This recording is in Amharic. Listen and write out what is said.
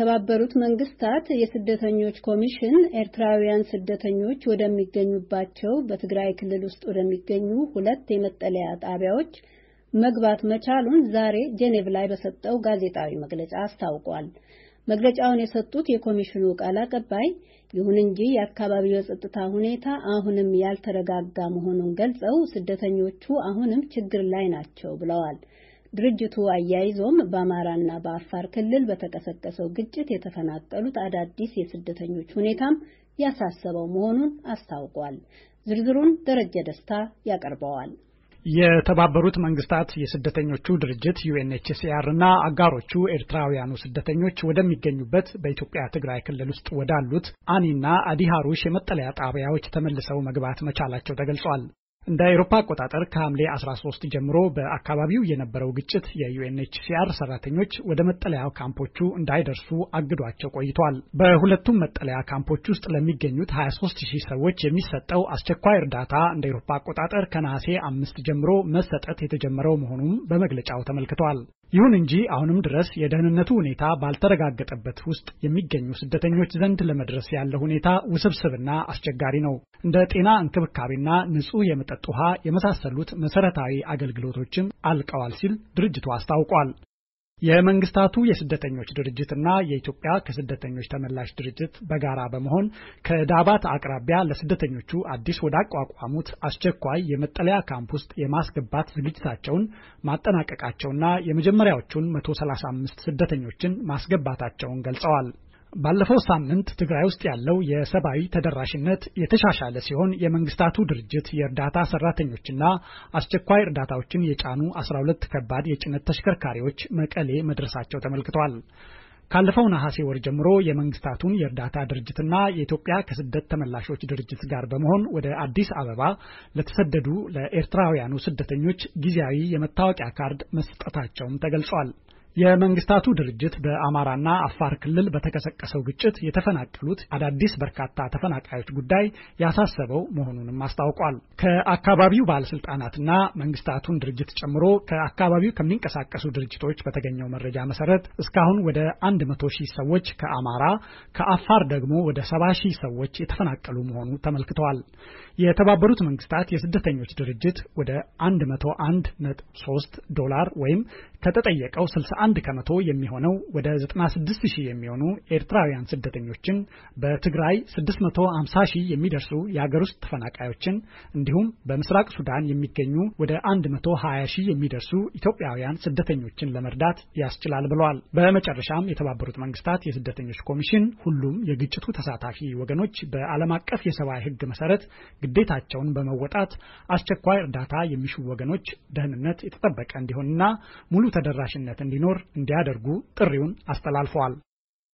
የተባበሩት መንግስታት የስደተኞች ኮሚሽን ኤርትራውያን ስደተኞች ወደሚገኙባቸው በትግራይ ክልል ውስጥ ወደሚገኙ ሁለት የመጠለያ ጣቢያዎች መግባት መቻሉን ዛሬ ጄኔቭ ላይ በሰጠው ጋዜጣዊ መግለጫ አስታውቋል። መግለጫውን የሰጡት የኮሚሽኑ ቃል አቀባይ፣ ይሁን እንጂ የአካባቢው የጸጥታ ሁኔታ አሁንም ያልተረጋጋ መሆኑን ገልጸው ስደተኞቹ አሁንም ችግር ላይ ናቸው ብለዋል። ድርጅቱ አያይዞም በአማራና በአፋር ክልል በተቀሰቀሰው ግጭት የተፈናቀሉት አዳዲስ የስደተኞች ሁኔታም ያሳሰበው መሆኑን አስታውቋል። ዝርዝሩን ደረጀ ደስታ ያቀርበዋል። የተባበሩት መንግስታት የስደተኞቹ ድርጅት ዩኤንኤችሲአር እና አጋሮቹ ኤርትራውያኑ ስደተኞች ወደሚገኙበት በኢትዮጵያ ትግራይ ክልል ውስጥ ወዳሉት አኒና አዲሃሩሽ የመጠለያ ጣቢያዎች ተመልሰው መግባት መቻላቸው ተገልጿል። እንደ አውሮፓ አቆጣጠር ከሐምሌ 13 ጀምሮ በአካባቢው የነበረው ግጭት የዩኤንኤችሲአር ሰራተኞች ወደ መጠለያ ካምፖቹ እንዳይደርሱ አግዷቸው ቆይቷል። በሁለቱም መጠለያ ካምፖች ውስጥ ለሚገኙት 23 ሺህ ሰዎች የሚሰጠው አስቸኳይ እርዳታ እንደ አውሮፓ አቆጣጠር ከነሐሴ አምስት ጀምሮ መሰጠት የተጀመረው መሆኑም በመግለጫው ተመልክቷል። ይሁን እንጂ አሁንም ድረስ የደህንነቱ ሁኔታ ባልተረጋገጠበት ውስጥ የሚገኙ ስደተኞች ዘንድ ለመድረስ ያለ ሁኔታ ውስብስብና አስቸጋሪ ነው። እንደ ጤና እንክብካቤና ንጹህ የመጠጥ ውሃ የመሳሰሉት መሰረታዊ አገልግሎቶችም አልቀዋል ሲል ድርጅቱ አስታውቋል። የመንግስታቱ የስደተኞች ድርጅትና የኢትዮጵያ ከስደተኞች ተመላሽ ድርጅት በጋራ በመሆን ከዳባት አቅራቢያ ለስደተኞቹ አዲስ ወዳቋቋሙት አስቸኳይ የመጠለያ ካምፕ ውስጥ የማስገባት ዝግጅታቸውን ማጠናቀቃቸውና የመጀመሪያዎቹን 135 ስደተኞችን ማስገባታቸውን ገልጸዋል። ባለፈው ሳምንት ትግራይ ውስጥ ያለው የሰብአዊ ተደራሽነት የተሻሻለ ሲሆን የመንግስታቱ ድርጅት የእርዳታ ሰራተኞችና አስቸኳይ እርዳታዎችን የጫኑ 12 ከባድ የጭነት ተሽከርካሪዎች መቀሌ መድረሳቸው ተመልክቷል። ካለፈው ነሐሴ ወር ጀምሮ የመንግስታቱን የእርዳታ ድርጅትና የኢትዮጵያ ከስደት ተመላሾች ድርጅት ጋር በመሆን ወደ አዲስ አበባ ለተሰደዱ ለኤርትራውያኑ ስደተኞች ጊዜያዊ የመታወቂያ ካርድ መስጠታቸውም ተገልጿል። የመንግስታቱ ድርጅት በአማራና አፋር ክልል በተቀሰቀሰው ግጭት የተፈናቀሉት አዳዲስ በርካታ ተፈናቃዮች ጉዳይ ያሳሰበው መሆኑንም አስታውቋል። ከአካባቢው ባለስልጣናትና መንግስታቱን ድርጅት ጨምሮ ከአካባቢው ከሚንቀሳቀሱ ድርጅቶች በተገኘው መረጃ መሰረት እስካሁን ወደ መቶ ሺህ ሰዎች ከአማራ ከአፋር ደግሞ ወደ ሰባ ሺህ ሰዎች የተፈናቀሉ መሆኑ ተመልክተዋል። የተባበሩት መንግስታት የስደተኞች ድርጅት ወደ ሶስት ዶላር ወይም ከተጠየቀው 61 ከመቶ የሚሆነው ወደ 96 ሺህ የሚሆኑ ኤርትራውያን ስደተኞችን በትግራይ 650 ሺህ የሚደርሱ የሀገር ውስጥ ተፈናቃዮችን እንዲሁም በምስራቅ ሱዳን የሚገኙ ወደ 120 ሺህ የሚደርሱ ኢትዮጵያውያን ስደተኞችን ለመርዳት ያስችላል ብለዋል። በመጨረሻም የተባበሩት መንግስታት የስደተኞች ኮሚሽን ሁሉም የግጭቱ ተሳታፊ ወገኖች በዓለም አቀፍ የሰብአዊ ሕግ መሰረት ግዴታቸውን በመወጣት አስቸኳይ እርዳታ የሚሹ ወገኖች ደህንነት የተጠበቀ እንዲሆንና ሙሉ ተደራሽነት እንዲኖር እንዲኖር እንዲያደርጉ ጥሪውን አስተላልፈዋል